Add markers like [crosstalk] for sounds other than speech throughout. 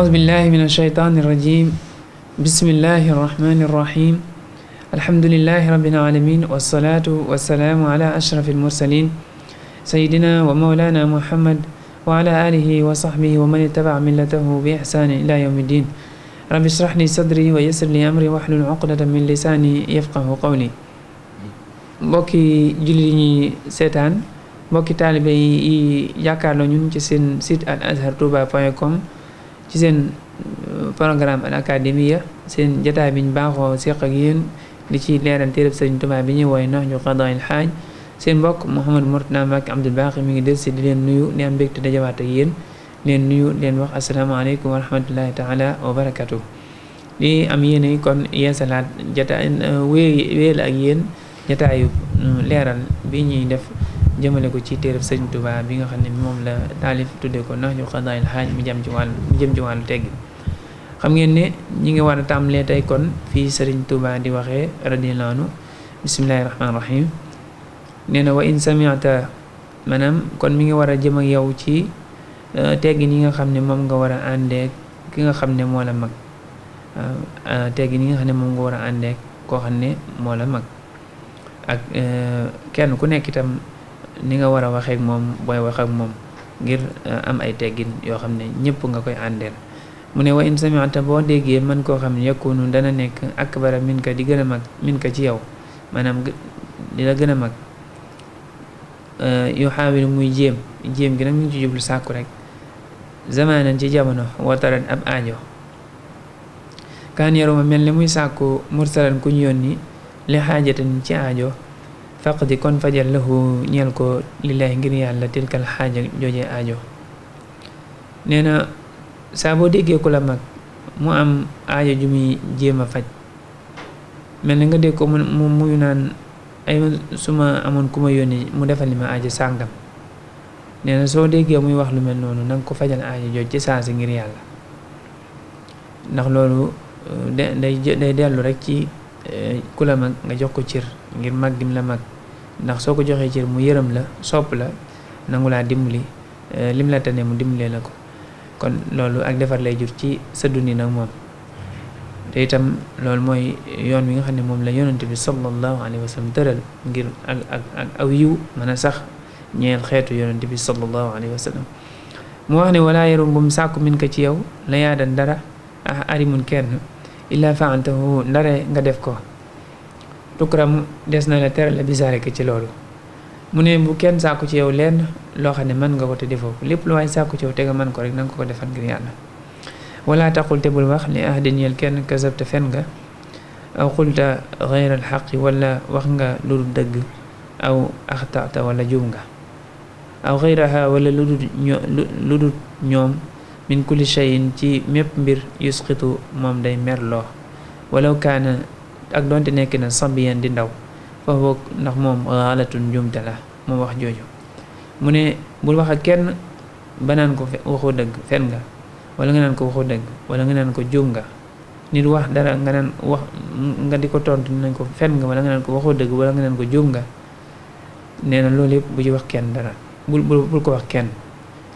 أعوذ بالله من الشيطان الرجيم بسم الله الرحمن الرحيم الحمد لله رب العالمين والصلاة والسلام على أشرف المرسلين سيدنا ومولانا محمد وعلى آله وصحبه ومن اتبع ملته بإحسان إلى يوم الدين رب اشرح لي صدري ويسر لي أمري واحلل عقدة من لساني يفقه قولي mbokki jullit ñi seetaan mbokki taalibe yi yaakaarloo ñun ci seen site al azhar touba point com ci seen euh, programme al académia seen jataay biñ baaxoo seq ak yéen di ci leeral téereb Sëriñ tubaab bi ñuy wooye nox ñu xadail xaaj seen mbokk Mouhamadou Mourtada Mbacké Abdoul Baaxi mi ngi def si di leen nuyu di am yéen leen nuyu leen wax asalaamaaleykum wa rahmatullahi taala wa barakatuh di am yéen kon yeesalaat jataay euh, wéy wéel ak yéen jataayu euh, leeral bi ñuy def jëmale ko ci téereb sëriñ Tuubaa bi nga xam ne moom la taalif tudde ko nax ñu xadaayil xaaj mi jëm ci wàllu mi jëm ci wàllu teggi xam ngeen ne ñi ngi war a tàmbalee tey kon fii sëriñ Tuubaa di waxee radiyallaahu anhu bismillaahi rahmaani rahiim nee na wa in sami'ta maanaam kon mi ngi war a jëm ak yow ci euh, teggin yi nga xam ne moom nga war a àndeek ki nga xam ne moo mag euh, euh, teggin yi nga xam ne moom nga war a àndeek koo xam ne moo la mag ak kenn ku nekk itam ni nga war a waxee moom booy wax ak moom ngir euh, am ay teggin yoo xam ne ñëpp nga koy àndeel mu ne wa in sami'ta boo déggee man koo xam ne yakunu dana nekk ak min ka di gën mag min ka ci yow maanaam di la gën a mag euh, yu xaawil muy jéem jéem gi nag ñu ngi ci jublu sàkku rek zamanan ci jamono wataran ab ajo kan yaruma mel ni muy sàkku mursalan ku ñu yónni li xaajatin ci aajo ji kon fajal lahu ñeel ko lillaahi ngir yàlla tilkal xaaja jooje ajo nee na saa boo déggee ku la mag mu am aajo ju muy jéem a faj mel na nga dégg ko mu muy naan su ma amoon ku ma yónni mu defal li ma aajo sàngam nee na soo déggee muy wax lu mel noonu na nga ko fajal aajo jooj ci saa si ngir yàlla ndax loolu eh, day day dellu rek ci eh, ku la mag nga jox ko cir ngir mag gim la mag ndax soo ko joxee cër mu yërëm la sopp la nangu laa dimbali eh, lim la tane mu dimbalee la ko kon loolu ak defar lay jur ci sa dundi nag moom te itam loolu mooy yoon wi nga xam ne moom la yonante bi sallallahu alayhi wa ngir ak ak ak sax ñeel xeetu yonante bi sallallahu alayhi wa sallam mu wax ne walaa yarum bu mu sàkku min ci yow la yaadan dara ah arimun kenn illa fa'altahu ndare nga def ko tukkuram des na la terale bisaare ki ci loolu mu ne bu kenn sàkku ci yaw lenn loo xam ne mën nga ko te defoo ko lépp lu waay sàkku ci yow te man mën ko rek na ko defal ngir yàlla wala taqul te bul wax li ahdin yel kenn fen nga aw xulta xeyra alxaqi wala wax nga lu dul dëgg aw axtata wala juum nga aw xeyraha wala lu dul lu dul ñoom min kulli cheyin ci mépp mbir yusqitu moom day merloo walaw kaana ak donte nekk na sabiyan di ndaw fa boog ndax moom xaalatun njumte la moom wax jooju mu ne bul wax ak kenn ba naan ko waxoo dëgg fen nga wala nga naan ko waxoo dëgg wala nga ko juum nga nit wax dara nga naan wax nga di ko tontu nañ ko fen nga wala nga naan ko waxoo dëgg wala nga naan ko juum nga nee na loolu yëpp bu ci wax kenn dara bul bul ko wax kenn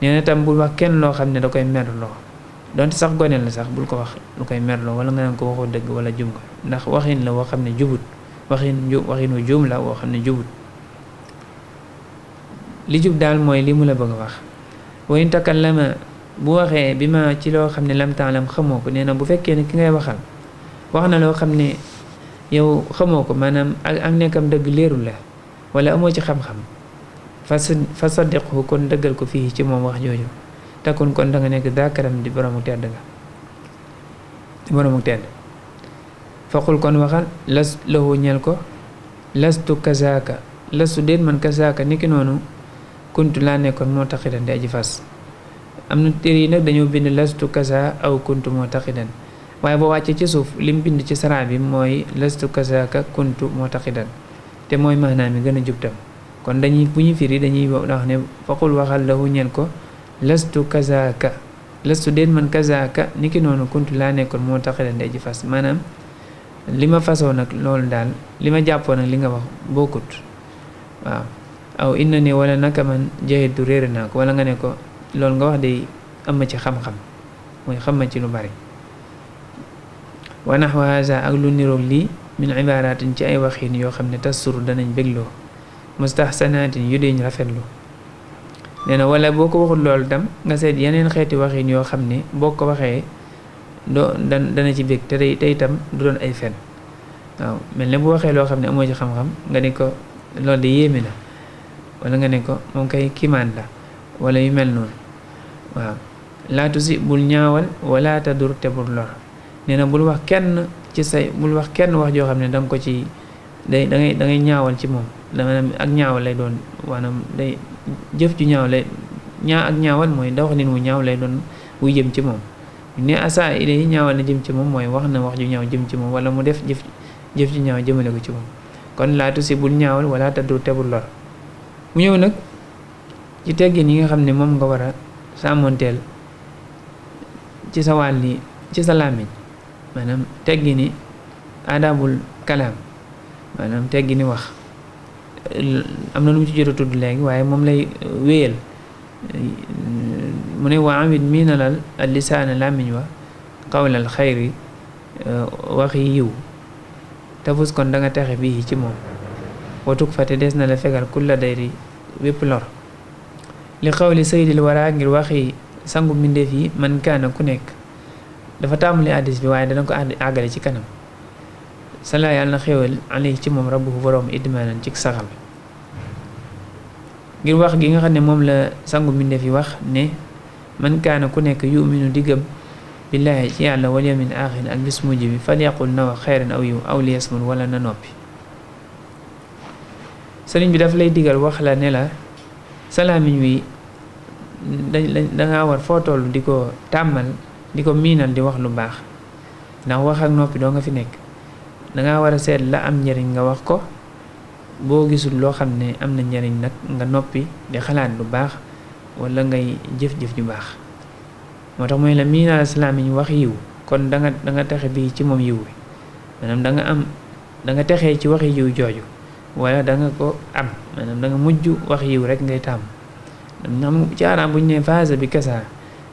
nee tam bul wax kenn loo xam ne da koy merloo donte sax gone la sax bul ko wax lu koy merloo wala nga naan ko waxoo dëgg wala jum ko ndax waxin la woo xam ne jubut waxin waxinu juum la woo xam ne jubut li jub daal mooy li mu la bëgg a wax wa in takallama bu waxee bi ma ci loo xam ne lam xamoo ko nee na bu fekkee ne ki ngay waxal wax na loo xam ne yow xamoo ko maanaam ak ak nekkam dëgg leerul la wala amoo ci xam-xam fa saddiqhu kon dëggal ko fii ci moom wax jooju takkoon kon da nga nekk zaakaram di boromu tedd nga di boromu tedd faqul kon waxal las ñel ko lastu kazaaka lastu déet man kazaaka niki noonu kuntu laa nekkoon moo taxidan di aji fas am na téere yi nag dañoo bind lastu kaza aw kuntu moo taxidan waaye boo wàccee ci suuf lim bind ci saraa bi mooy lastu kazaaka kuntu moo taxidan te mooy maanaam mi gën a jubtam kon dañuy bu ñu firi dañuy wax ne faqul waxal lahu ñel ko lastu kazaaka lastu déet man kazaaka ni ki noonu kuntu laa nekkoon moo tax la ndey ji fas maanaam li ma fasoo nag loolu daal li ma jàppoo nag li nga wax bokkut waaw aw inna ni wala naka man jahitu réer naa ko wala nga ne ko loolu nga wax de am ma ci xam-xam mooy xam ma ci lu bari wa nahwa haza ak lu niroog lii min ibaaratin ci ay waxiin yoo xam ne tasuru danañ bégloo mustahsanatin yu deeñ lu nee na wala boo ko waxul loolu tam nga seet yeneen xeeti waxin yoo xam ne boo ko waxee doo dan dana ci bég te day tey itam du doon ay fen waaw mel ne bu waxee loo xam ne amoo ci xam-xam nga ne ko loolu de yéeme la wala nga ne ko moom kay kimaan la wala yu mel noonu waaw laatu si bul ñaawal wala ta dur te bul lor nee na bul wax kenn ci say bul wax kenn wax joo xam ne danga ko ci day da ngay ñaawal ci moom maanaam ak ñaawal lay doon maanaam day jëf ju ñaaw lay ñaaw ak ñaawal mooy doxalin wu ñaaw lay doon wu jëm ci moom ne asa ilay ñaawal na jëm ci moom mooy wax na wax ju ñaaw jëm ci moom wala mu def jëf jëf ju ñaaw jëmale ko ci moom kon laatu si bul ñaawal wala du tebul lor mu ñëw nag ci teggin yi nga xam ne moom nga war a sàmmonteel ci sa wàlli ci sa làmmiñ maanaam teggini aadaabul kalaam maanaam teggini wax am na lu mu ci jot a tudd léegi waaye moom lay uh, wéyal mu ne waa amit miinalal al lisaana làmmiñ wa qawlal xayri uh, waxi yiw tafus kon danga nga texe bii ci moom watuk fate des na la fegal kulla dayri wépp lor li xawli saydil waraa ngir waxi sangu mbindeef yi man kaana ku nekk dafa tàmbali addis bi waaye dana ko àggale ci kanam sala yàlla na xéewal alay ci moom rabbuhu borom idmaanan ci saxal ngir wax gi nga xam ne moom la sangu mbindeef yi wax ne man kaana ku nekk yuminu di gëm billaahi ci yàlla wal yawmil aaxir na wax aw yiw aw walla na noppi sëriñ bi daf lay digal wax la ne la salaamiñ wi danga war foo toll di ko tàmmal di ko miinal di wax lu baax ndax wax ak noppi doo nga fi nekk danga war a seet la am njariñ nga wax ko boo gisul loo xam ne am na njariñ nag nga noppi di xalaat lu baax walla ngay jëf-jëf ju baax moo tax mooy la miinal islaam yi wax yiw kon da nga texe bii ci moom yiw bi maanaam danga am da nga ci waxi yiw jooju wala da ko am mujj wax yiw rek ngay tàmm am ci araab bu ñu ne phase bi kesaa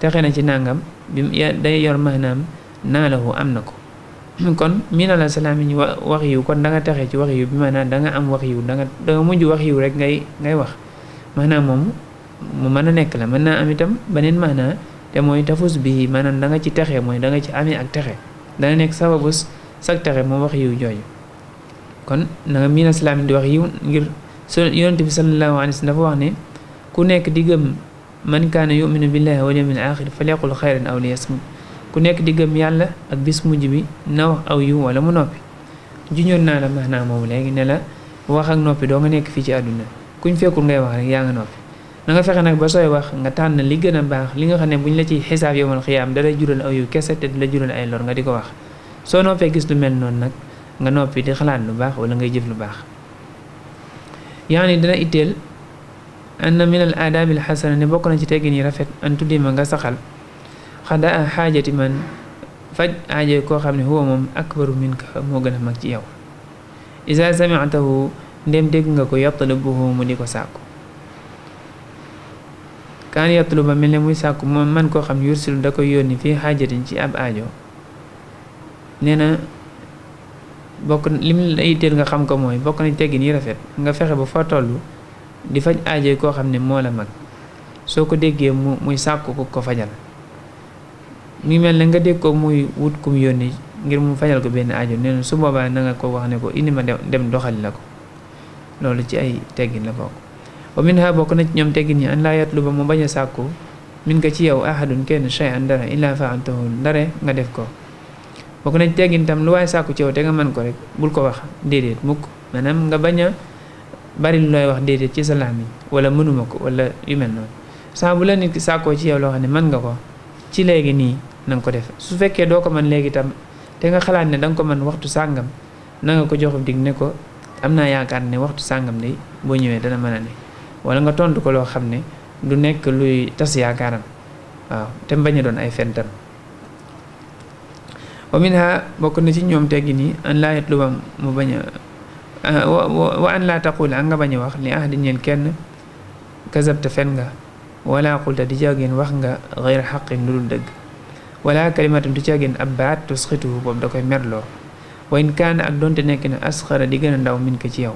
texe na ci nangam bi day yor maanaam naa lahu am na ko kon miinala salaamiñ wa wax yiw kon da nga texee ci wax yiw bi ma da danga am wax yiw danga nga da nga mujj wax yiw rek ngay ngay wax maanaam moom mu mën a nekk la mën naa am itam beneen maanaa te mooy tafus bi maanaam da nga ci texe mooy da nga ci amee ak texe dana nekk sababus sag texe moom wax yiw jooju kon na nga miinal di wax yiw ngir su yonent bi sallallahu alayhi wa sallam dafa wax ne ku nekk di gëm man kaana yuminu billahi wal yawmil axir falyaqul xayran aw liyasmut ku nekk di gëm yàlla ak bis mujj bi na wax aw yiw wala mu noppi juñoon naa la maanaam moomu léegi ne la wax ak noppi doo nga nekk fii ci àdduna kuñ fekkul ngay wax rek yaa nga noppi na nga nag ba sooy wax nga tànn li gën a baax li nga xam ne buñ la ci xisaab yomal xiyaam da lay jural aw yiw la jural ay lor nga di ko wax soo noppee gis lu mel noonu nag nga noppi di xalaat lu baax wala ngay jëf lu baax yaani dana itteel anna min al aadaabil xasana ne bokk na ci teggin yi rafet an tuddima nga saxal xadaa xaajati man faj aaje koo xam ne huwa moom akbaru minka moo gën a mag ci yow isa samitahu ndem dégg nga ko yatlubuhu mu di ko sàkku kaan yatluba mel ne muy sàkku moom man koo xam ne yursilu da koy yónni fii xaajatin ci ab aajo nee na bokk lim la xam ko mooy bokk na teggin yi rafet nga fexe ba fa toll di faj aaje koo xam ne moo la mag soo ko déggee mu muy sàkku ko ko fajal mi mel ne nga dégg ko muy wut kum yónni ngir mu fajal ko benn aajo nee na su boobaa nanga nga ko wax ne ko indi ma dem doxali la ko loolu ci ay teggin la bokk wa min bokk na ci ñoom teggin ñi an laa yatluba mu bañ a sàkku min ko ci yow ahadun kenn shay'an dara illa fa'altahu ndare nga def ko bokk na ci teggin tam lu waaye sàkku ci te nga mën ko rek bul ko wax déedéet mukk maanaam nga bañ a bari lu looy wax déedéet ci sa làmmiñ wala mënuma ko wala yu mel noonu saa bu la nit ki ci yow loo xam ne mën nga ko nanga ko def su fekkee doo ko man léegi tam te nga xalaat ne danga ko mën waxtu sàngam na nga ko joxub dig ne ko am naa yaakaar ne waxtu sàngam di boo ñëwee dana mën a ne wala nga tontu ko loo xam ne du nekk luy tas yaakaaram waaw te bañ doon ay fentam wa minha bokk na ci ñoom teggi nii an laa yatluba mu bañ ah, wa an laa taqul an nga bañ a wax li ahdi ñeen kenn kazabta fen nga wala qulta di jageen wax nga xeyra xaqin lu dul dëgg wala kalimatun du caagin ab baat tusxituhu boobu da koy merloo wa in kaana ak dont nekk na asxara di gën a ndaw min ko ci yow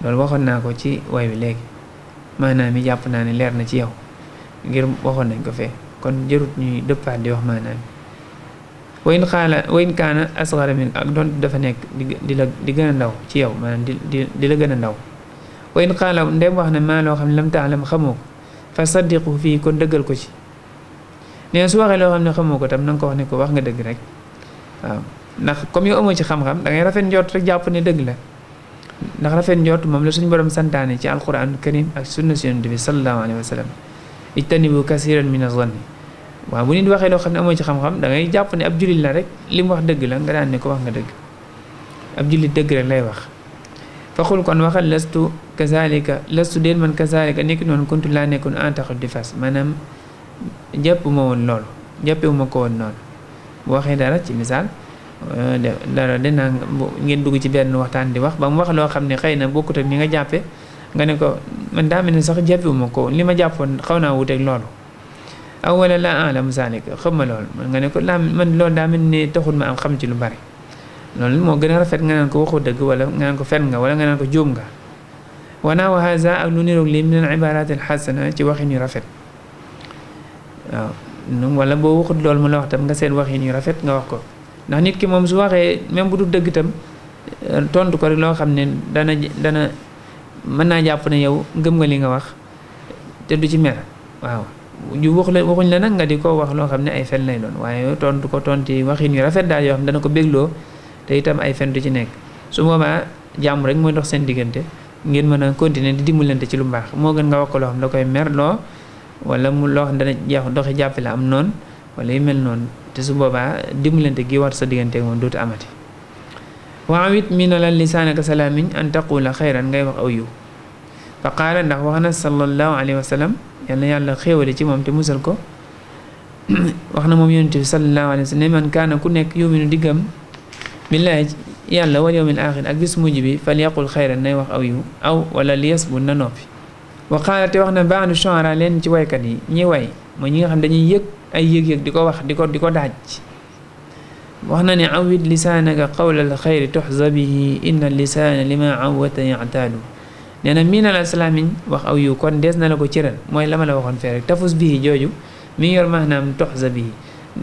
loolu waxoon naa ko ci way wi léegi maanaam yi jàpp naa ne leer na ci yow ngir waxoon nañ ko fee kon jërut ñuy dëppaat di wax maanaam wa in xaala wa kaana asxara min ak dont dafa nekk di la di gën a ndaw ci yow maanaam di di di la gën ndaw wa in xaala ndem wax na maa loo xam ne lam taalam xamoo ko fa saddiqu fii kon dëggal ko ci nee su waxee loo xam ne xamoo ko tam na nga ko wax ne ko wax nga dëgg rek waaw ndax comme yow amoo ci xam-xam da rafet njort rek jàpp ne dëgg la ndax rafet njort moom la suñu borom santaane ci alquran karim ak sunna si yonent bi sallallahu alayhi wa sallam ijtanibu kasiran min azanni waaw bu nit waxee loo xam ne amoo ci xam-xam da ngay jàpp ne ab jullit la rek li mu wax dëgg la nga daan ne ko wax nga dëgg ab jullit dëgg rek lay wax faxul kon waxal lastu kazalika lastu déen man kazalika nekk noonu kuntu laa nekkoon entaxut di fas jàpp woon loolu jàppewu ma ko woon noonu bu waxee dara ci misaal euh, dara dina ngeen dugg ci benn waxtaan di wax ba mu wax loo xam ne xëy na bokkut ak ni nga jàppe nga ne ko man daa mel ni sax jàppewu ko li ma jàppoon xaw naa wuteeg loolu aw wala laa alam saanika xam ma loolu nga ne ko laa man loolu daa mel ni taxul ma am xam ci lu bari loolu moo gën a rafet nga naan ko waxu dëgg wala nga fen nga wala nga naan ko juum nga wanaa wa haza ak lu niroog lii min al ibaraat al xasana ci waxin yu rafet waaw num wala boo waxut loolu mu la wax tam nga seen wax yi ñu rafet nga wax ko ndax nit ki moom su waxee même bu dul dëgg tam euh, tontu ko rek loo xam ne dana dana mën naa jàpp ne yow gëm nga li nga wax te du ci mer waaw ñu la waxuñ la nag nga di ko wax loo xam ne ay fen lay doon waaye tontu ko tonti waxin yu rafet daal yoo xam ne dana ko bégloo te itam ay fen du ci nekk su boobaa jàmm rek mooy dox seen diggante ngeen mën a continuer di dimbalante ci lu baax moo gën nga wax ko loo xam da koy mer loo wala mu loo xam dana jaax doxi jàppe la am noon wala yu mel noonu te su boobaa dimbalante gi war sa diggante ak moom dootu waaw it mi na lan lisaanaka sa làmmiñ an taqula xayran ngay wax aw yiw fa qaala ndax wax na sallallahu alayhi wa sallam yal na yàlla xéewale ci moom te musal ko [clears throat] wax na moom yonent bi sallallahu alayhi wa sallam ne man kaana ku nekk yuminu diggam billaahi yàlla wal yawmil aaxir ak bis mujj bi fal yaqul xayran nay wax aw yiw aw wala li yasbut na waqaala te wax na baax baadu chonra leen ci waykat yi ñi way mooy ñi nga xam dañuy yëg ay yëg-yëg di ko wax di ko di ko daaj wax na ne awit lisaanaka qawla al xayri tuxza bihi inna lisaana lima awata yataadu nee na miinal aslaamin wax aw yu kon dees na la ko cëral mooy lama ma la waxoon fee rek tafus bihi jooju mi yor maanaam tuxza bihi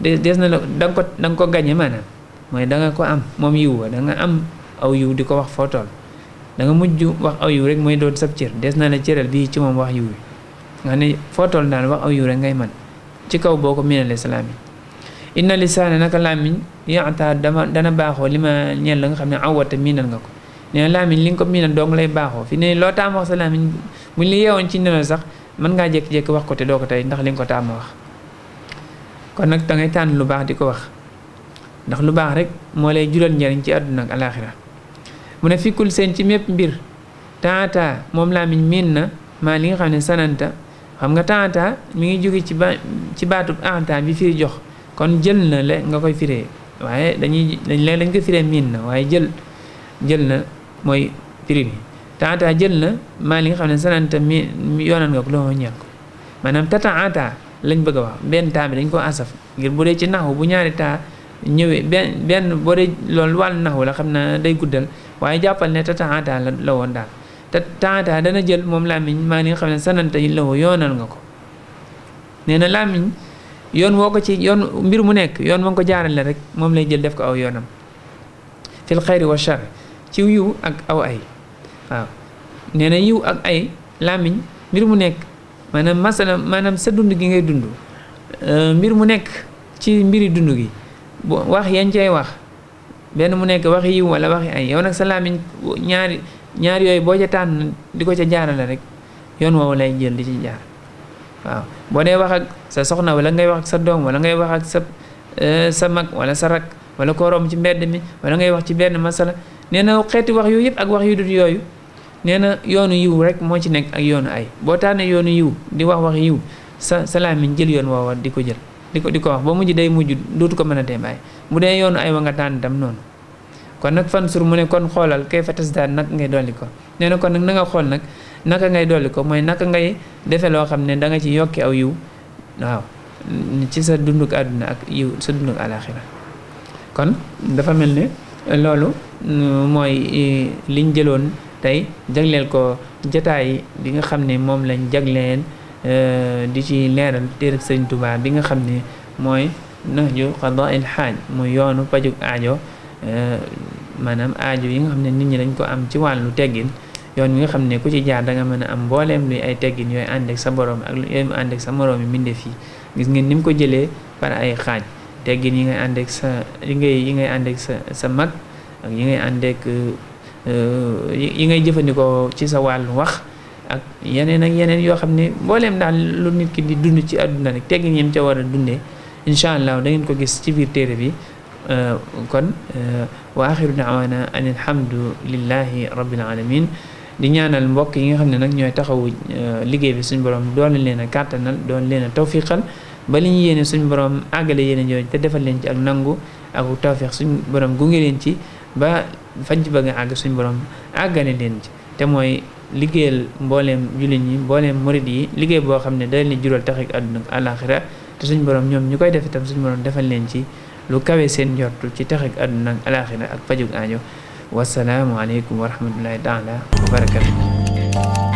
dees na la da ko da ko gañe maanaam mooy da nga ko am moom yiw wa da nga am aw yiw di ko wax foo toll danga mujj wax aw yiw rek mooy doon sab cër des na la cëral bii ci moom wax yiw wi nga xam ne foo toll daal wax aw yiw rek ngay man ci kaw boo ko miinale sa laamiñ inna lisaana naka laamiñ yaata dama dana baaxoo li ma ñeel la nga xam ne awata miinal nga ko nee li nga ko miinal dong lay baaxoo fi ne loo taam wax sa laamiñ buñ li yeewoon ci nelaw sax mën ngaa jékki-jékki wax ko te doo ko tey ndax li nga ko taam wax kon nag dangay tànn lu baax di ko wax ndax lu baax rek moo lay jural njariñ ci àdduna ak alaaxira mu ne fikkul seen ci mépp mbir taata moom làmmiñ miin na maa li nga xam ne sananta xam nga taata mi ngi jóge ci ba ci baatub anta bi firi jox kon jël na le nga koy firee waaye dañuy dañ leen dañ ko firee miin na waaye jël jël na mooy firi bi taata jël na maa li nga xam ne sananta mi yoonal nga ko loo ñeel ko maanaam tataata lañ bëgg a wax benn taa bi dañ ko asaf ngir bu dee ci naxu bu ñaari taa ñëwee benn benn boo dee loolu wàllu naxu la xam na day guddal waaye jàppal ne te taata la la woon daal te taata dana jël moom làmmiñ maa ni nga xam ne sanante yi la woo yoonal nga ko nee na làmmiñ yoon woo ko ci yoon mbir mu nekk yoon ma nga ko jaarale rek moom lay jël def ko aw yoonam fil xayri wa char ci yiw ak aw ay waaw nee yiw ak ay làmmiñ mbir mu nekk maanaam masala maanaam sa dund gi ngay dund mbir mu nekk ci mbiri dund gi wax yan cay wax benn mu nekk wax yiw wala waxi ay yow nag sa làmmiñ ñaari ñaar yooyu boo ca tànn di ko ca jaarale rek yoon woowu lay jël di ci jaar waaw boo dee wax ak sa soxna wala ngay wax ak sa doom wala ngay wax ak sa eh, sa mag wala sa rak wala koo ci mbedd mi wala ngay wax ci benn masala nee na xeeti wax yooyu yëpp ak wax yu dut yooyu nee na yoonu yiw rek moo ci nekk ak yoonu ay boo tànnee yoonu yiw di wax wax yiw sa sa làmmiñ jël yoon woowa di ko jël di ko di ko wax ba mujj day mujj dootu ko mën a tee bàyyi mu dee yoonu ay wa nga tànn itam noonu kon nag fan sur mu ne kon xoolal kay fa tas daan nag ngay dolli ko nee na kon nag na nga xool nag naka ngay dolli ko mooy naka ngay defe loo xam ne da nga ci yokki aw yiw waaw ci sa dunduk àdduna ak yiw sa dunduk àlaxira kon dafa mel ne loolu mm, mooy liñ jëloon tey jagleel ko jataay bi nga xam ne moom lañ jagleen Euh, di ci leeral téereb sëriñ tubaab bi nga xam ne mooy nahju qadaa'il xaaj muy yoonu pajuk aajo euh, maanaam aajo yi nga xam ne nit ñi lañ ko am ci wàllu teggin yoon wi nga xam ne ku ci jaar da nga mën a am mbooleem luy ay teggin yooyu àndeek ak sa borom ak yooyu mu ànd ak sa moroom yi mbindeef gis ngeen ni mu ko jëlee par ay xaaj teggin yi ngay àndeek sa yi ngay yi ngay àndeek sa sa mag ak yi ngay àndeek euh, yi ngay jëfandikoo ci sa wàllu wax ak yeneen yeneen yoo xam ne mbooleem daal lu nit ki di dund ci àdduna rek gi yem ca war a dundee incha allah da ngeen ko gis ci biir téere bi euh, kon euh, wa axiru daawana an alhamdulillahi rabbil alamin di ñaanal mbokk yi nga xam ne nag ñooy taxawu euh, liggéey bi suñu borom doole leen a kàttanal doole leen a tawfiqal ba li ñu yéene suñu borom àggale yéene jooju te defal leen ci ak nangu ak tawfiq suñu borom gunge leen ci ba fa ci bëgg àgg suñu borom àggale leen liggéeyal mbooleem jullit ñi mbooleem murit yi liggéey boo xam ne day leen jural tax ak àdduna ak àllaaxira te suñ boroom ñoom ñu koy def itam suñ borom defal leen ci lu kawee seen njortu ci tax ak àdduna ak àllaaxira ak pajug aajo wasalaamualeykum wa rahmatullahi taala wa barakatu